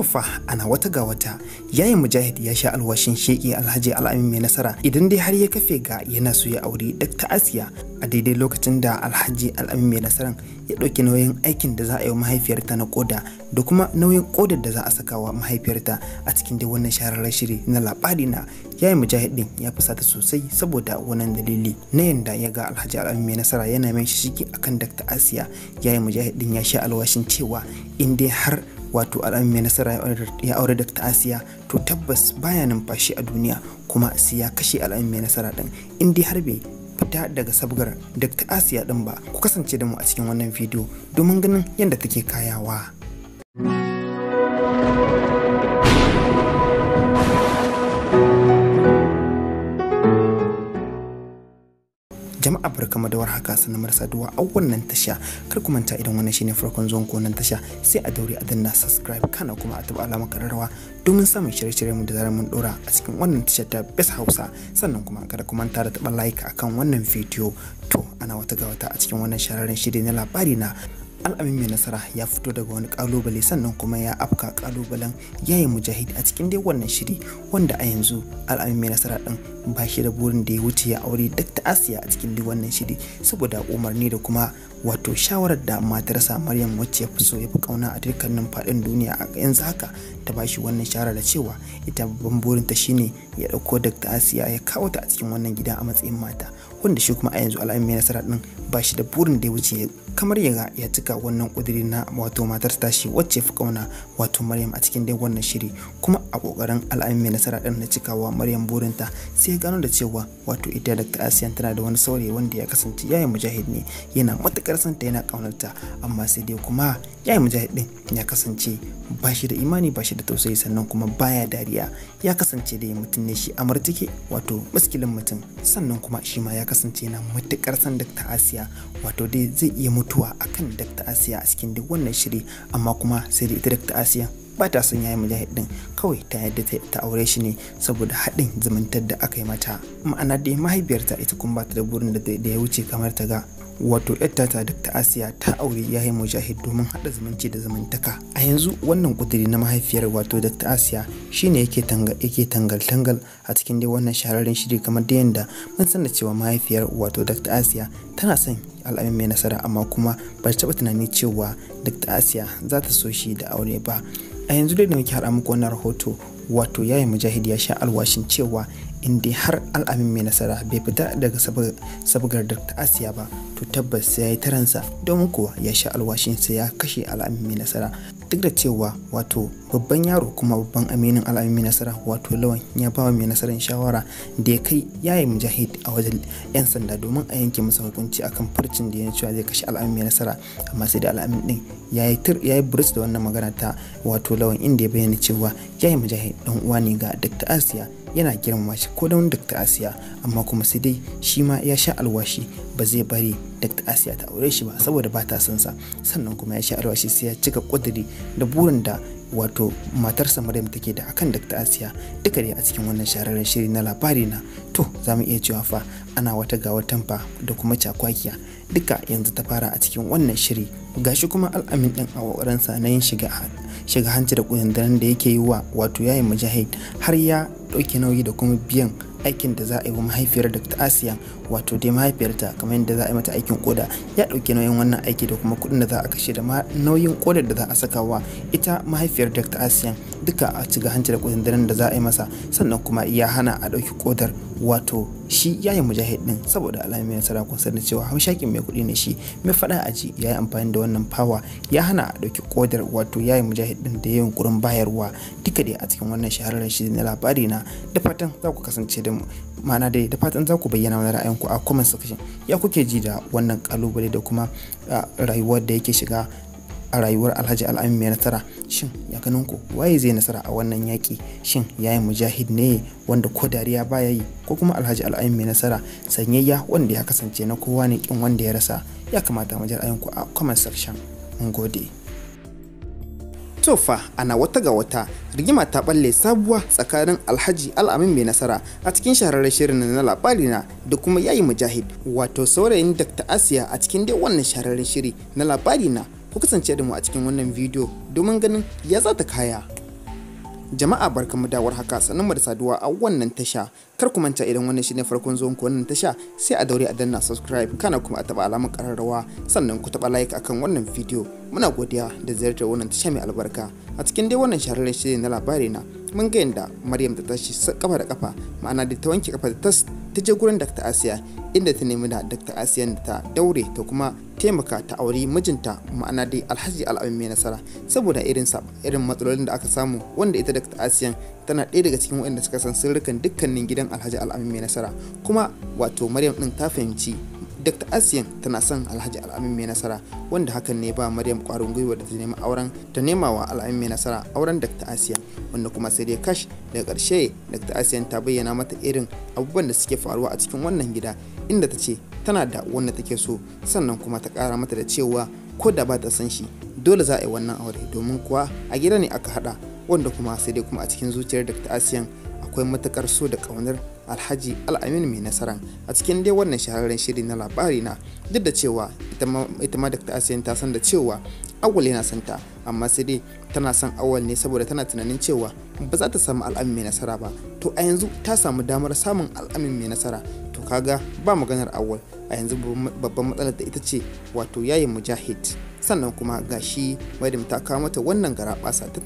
tofa ana wata ga wata yayin mujahid ya sha alwashin sheki alhaji al'amin mai nasara idan dai har ya kafe ga yana so ya aure dr asiya a daidai lokacin da alhaji al'amin mai nasaran ya ɗauki nauyin aikin da za a yi mahaifiyarta na koda da kuma nauyin kodar da za a saka wa mahaifiyarta a cikin dai wannan shahararren shiri na labari na yayin mujahid din ya fusata sosai saboda wannan dalili na yanda ya ga alhaji al'amin mai nasara yana mai shiki akan dr asiya yayin mujahid din ya sha alwashin cewa in dai har wato al'amin mai nasara ya aure dr asiya to tabbas baya numfashi a duniya kuma sai ya kashe al'amin mai nasara din in har bai fita daga sabgar Dr. Asiya din ba ku kasance da mu a cikin wannan bidiyo domin ganin yadda take kayawa. barkamu da warhaka sannan marasa duwa a wannan tasha kar ku manta idan wannan shine farkon zuwan ku wannan tasha sai a daure a danna subscribe kana kuma a taba alamar kararrawa domin samun shirye-shiryen mu da zarar mun dora a cikin wannan tashar ta Best Hausa sannan kuma kada ku manta da taba like akan wannan bidiyo to ana wata ga wata a cikin wannan shararren shiri na labari na al'amin mai nasara ya fito daga wani kalubale sannan kuma ya afka kalubalen yayi mujahid a cikin dai wannan shiri wanda a yanzu al'amin mai nasara din ba shi da burin da ya wuce ya aure ta asiya a cikin dai wannan shiri saboda umarni da kuma wato shawarar da matarsa maryam wacce ya fi so ya fi kauna a dukkanin faɗin duniya a yanzu haka ta ba shi wannan shawara da cewa ita babban burinta shine ya ɗauko dr asiya ya kawo ta a cikin wannan gida a matsayin mata wanda shi kuma a yanzu al'amin mai nasara din ba shi da burin da ya wuce kamar yaga ya cika wannan kudiri na wato matar tashi wacce fi kauna wato maryam a cikin dai wannan shiri kuma a kokarin al'ammi mai nasara din na cikawa maryam burinta sai ya gano da cewa wato ita da asiyan tana da wani saurayi wanda ya kasance yayin mujahid ne yana matukar santa yana kaunarta amma sai dai kuma ya yi mujahidin ya kasance ba shi da imani ba shi da tausayi sannan kuma baya dariya ya kasance da mutum ne shi martike wato maskilin mutum sannan kuma shi ma ya kasance na matukar san dakta asiya wato dai zai iya mutuwa akan dakta asiya a cikin duk wannan shiri amma kuma sai da ita dakta asiya ba ta son yayi mujahidin kawai ta yadda ta aure shi ne saboda haɗin zumuntar da aka yi mata ma'ana dai mahaifiyarta ita kuma ba ta da burin da ya wuce kamar ta ga wato da ta asiya ta aure yayin mujahid domin haɗa zumunci da zamantaka a yanzu wannan kuduri na mahaifiyar wato ta asiya shine yake tangal yake tangal tangal a cikin dai wannan shahararren shiri kamar da yanda mun san da cewa mahaifiyar wato ta asiya tana son al'amin mai nasara amma kuma ba ta taba tunanin cewa ta asiya za ta so shi da aure ba a yanzu dai da muke haɗa muku wannan rahoto wato yayin mujahid ya sha alwashin cewa in har al'amin mai nasara bai fita daga sabgar ta asiya ba to tabbas ya yi taransa domin kuwa ya sha alwashin sai ya kashe al'amin mai nasara duk da cewa wato babban yaro kuma babban aminin al'amin nasara wato lawan ya ba wa mai nasarar shawara da ya kai yayi mujahid a wajen yan sanda domin a yanke masa hukunci akan farcin da ya cewa zai kashe al'amin mai nasara amma sai da al'amin din ya yi burus da wannan magana ta wato lawan inda ya bayyana cewa yayi mujahid dan uwa ne ga dr asiya yana girmama shi ko don Dr. Asiya amma kuma sai dai shi ma ya sha alwashi ba zai bari Dr. Asiya ta aure shi ba saboda ba ta son sa sannan kuma ya sha alwashi sai ya cika kudiri da burin da wato matarsa Maryam take da akan Dr. Asiya duka dai a cikin wannan shahararren shiri na labari na to za mu iya cewa fa ana wata gawar tamfa da kuma cakwakiya duka yanzu ta fara a cikin wannan shiri gashi kuma al'amin din a waransa na yin shiga shiga hanci da kuyandaran da yake yi wa wato yayin mujahid har ya ɗauki nauyi da kuma biyan aikin da za a yi wa mahaifiyar Dr. Asiya wato dai mahaifiyarta kamar yadda za a yi mata aikin koda ya ɗauki nauyin wannan aiki da kuma kuɗin da za a kashe da nauyin kodar da za a saka wa ita mahaifiyar dr asiyan duka a ciga hanci da kudin da za a yi masa sannan kuma ya hana a dauki kodar wato shi yayin mujahid din saboda alamai na sarakun sanar cewa hamshakin mai kuɗi ne shi mai fada a ji ya yi amfani da wannan fawa ya hana a ɗauki kodar wato yayin mujahid din da yayin kurin bayarwa duka dai a cikin wannan shahararren shi na labari na da fatan za ku kasance da mu ma'ana dai da fatan za ku bayyana wani ra'ayinku a comment section ya kuke ji da wannan kalubale da kuma rayuwar da yake shiga a rayuwar alhaji al'amin mai nasara shin ya ganin ku waye zai nasara a wannan yaƙi shin yayin mujahid ne wanda ko dariya baya yi ko kuma alhaji al'amin mai nasara sanyayya wanda ya kasance na kowa ne kin wanda ya rasa ya kamata mu ji ra'ayinku a comment section mun gode tofa ana wata ga wata rigima ta balle sabuwa tsakanin alhaji al'amin mai nasara a cikin shahararren shirin na labari na da kuma yayi mujahid wato saurayin dr asiya a cikin dai wannan shahararren shiri na labari na ku kasance da mu a cikin wannan bidiyo domin ganin ya za ta kaya jama'a barkamu da haka sannan mu da saduwa a wannan tasha kar ku manta idan wannan shine farkon zuwan ku wannan tasha sai a daure a danna subscribe kana kuma a taba alamar kararrawa sannan ku taba like akan wannan bidiyo muna godiya da ziyartar wannan tasha mai albarka a cikin dai wannan shahararren shirin na labari na mun ga yadda maryam ta tashi kafa da kafa ma'ana da ta wanke kafa da tas ta je gurin dr asiya inda ta nemi da dr asiya ta daure ta kuma taimaka ta auri mijinta ma'ana dai alhaji al'amin mai nasara saboda irin irin matsalolin da aka samu wanda ita dr asiya tana ɗaya daga cikin waɗanda suka san sirrukan dukkanin gidan alhaji al'amin mai nasara kuma wato maryam ɗin ta fahimci dr asiyan tana son alhaji al'amin mai nasara wanda hakan ne ba maryam kwarin gwiwa da ta nema auren ta nema wa al'amin mai nasara auren dr asiyan wanda kuma sai dai kash daga ƙarshe dr asiyan ta bayyana mata irin abubuwan da suke faruwa a cikin wannan gida inda ta ce tana da wanda take so sannan kuma ta ƙara mata da cewa ko da ba ta san shi dole za a yi wannan aure domin kuwa a gida ne aka haɗa wanda kuma sai dai kuma a cikin zuciyar dr asiyan akwai matukar so da ƙaunar alhaji al'amin mai nasara a cikin dai wannan shahararren shiri na labari na duk da cewa ita ma dr asiyan ta san da cewa awal yana son ta amma sai dai tana son awal ne saboda tana tunanin cewa ba za ta samu al'amin mai nasara ba to a yanzu ta samu damar samun al'amin mai nasara to kaga ba maganar awal a yanzu babban matsalar da ita ce wato yayi mujahid sannan kuma gashi madam ta kawo mata wannan garaɓasa ta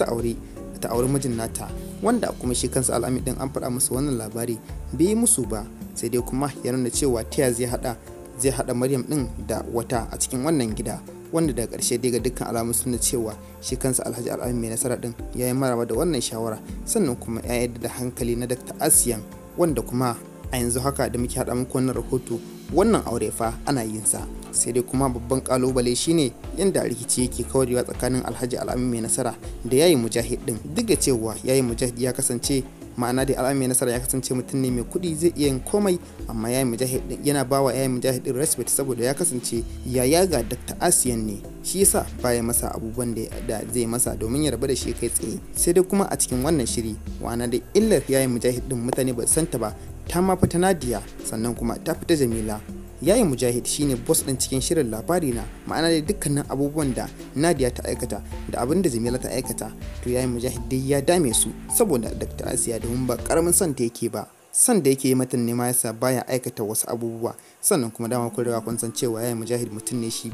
ta aure mijin nata wanda kuma shi kansa al'ami din an faɗa musu wannan labari bai yi musu ba sai dai kuma ya nuna cewa taya zai hada zai hada maryam din da wata a cikin wannan gida wanda daga karshe dai ga dukkan alamu suna cewa shi kansa alhaji al'ami mai nasara din ya yi maraba da wannan shawara sannan kuma ya yadda da hankali na dakta asiyan wanda kuma a yanzu haka da muke haɗa muku wannan rahoto wannan aure fa ana yin sa sai dai kuma babban kalubale shine yadda rikici yake kawarewa tsakanin alhaji al'amin mai nasara da yayi mujahid din duk da cewa yayi mujahid ya kasance ma'ana da al'amin mai nasara ya kasance mutum ne mai kuɗi zai iya yin komai amma yayi mujahid din yana bawa yayi mujahid din respect saboda ya kasance ya yaga dr asiyan ne shi yasa baya masa abubuwan da zai masa domin ya rabu da shi kai tsaye sai dai kuma a cikin wannan shiri wa'ana da illar yayi mujahid din mutane ba san ta ba ta ma fita Nadiya sannan kuma ta fita Jamila yayin mujahid shine boss din cikin shirin labari na ma'ana da dukkanin abubuwan da nadiya ta aikata da abin da jamila ta aikata to yayin mujahid dai ya dame su saboda dr asiya domin ba karamin son ta yake ba san da yake yi mata ne ma yasa baya aikata wasu abubuwa sannan kuma dama kun riga kun san cewa yayin mujahid mutum ne shi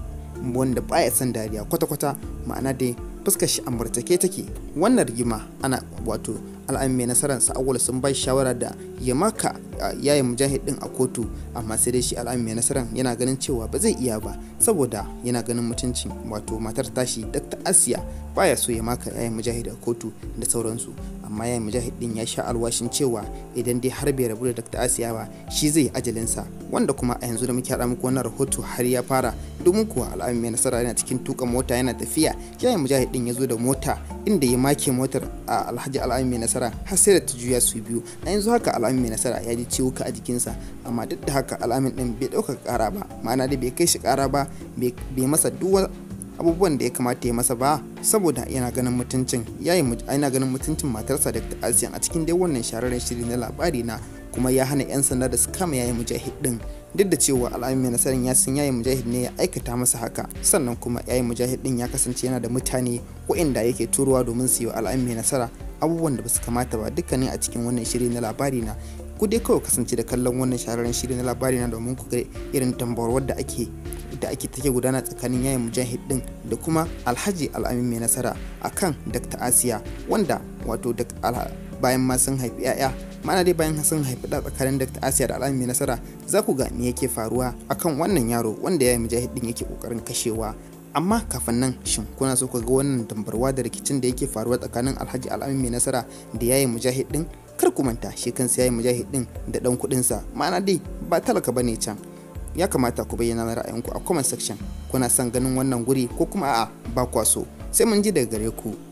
wanda baya son dariya kwata-kwata ma'ana dai fuskar shi amurtake take wannan rigima ana wato al'amin mai nasarar sa'awul sun bai shawara da ya maka yayin mujahid din a kotu amma sai dai shi al'amin mai nasarar yana ganin cewa ba zai iya ba saboda yana ganin mutunci wato matar tashi dr asiya baya so ya maka yayin mujahid a kotu da sauransu amma yayin mujahid din ya sha alwashin cewa idan dai har bai rabu da dr asiya ba shi zai ajalinsa wanda kuma a yanzu da muke haɗa muku wannan rahoto har ya fara domin kuwa al'amin mai nasara yana cikin tuka mota yana tafiya yayin mujahid din ya zo da mota inda ya make motar a alhaji al'amin mai nasara nasara har sai da ta juya su biyu na yanzu haka al'amin mai nasara ya ji ciwuka a jikinsa amma duk da haka al'amin din bai dauka kara ba ma'ana da bai kai shi kara ba bai masa duk abubuwan da ya kamata ya masa ba saboda yana ganin mutuncin yayi yana ganin mutuncin matarsa da asiyan a cikin dai wannan shahararren shiri na labari na kuma ya hana 'yan sanda da su kama yayin mujahid din duk da cewa al'ami mai nasarar ya san yayin mujahid ne ya aikata masa haka sannan kuma yayin mujahid din ya kasance yana da mutane waɗanda yake turowa domin su yi al'ami mai nasara abubuwan da ba su kamata ba dukkanin a cikin wannan shiri na labari na ku dai kawai kasance da kallon wannan shahararren shiri na labari na domin ku ga irin tambawar da ake da ake take gudana tsakanin yayin mujahid din da kuma alhaji al'amin mai nasara akan dr asiya wanda wato bayan ma sun haifi 'ya'ya ma'ana dai bayan sun haifi da tsakanin dr asiya da alami mai nasara za ku ga me yake faruwa akan wannan yaro wanda ya yi mujahid din yake kokarin kashewa amma kafin nan shin kuna so ku ga wannan dambarwa da rikicin da yake faruwa tsakanin alhaji alami mai nasara da ya mujahid din kar ku manta shi kansa ya mujahid din da dan kudin sa ma'ana dai ba talaka bane can ya kamata ku bayyana ra'ayinku a comment section kuna son ganin wannan guri ko kuma a'a ba kwa so sai mun ji daga gare ku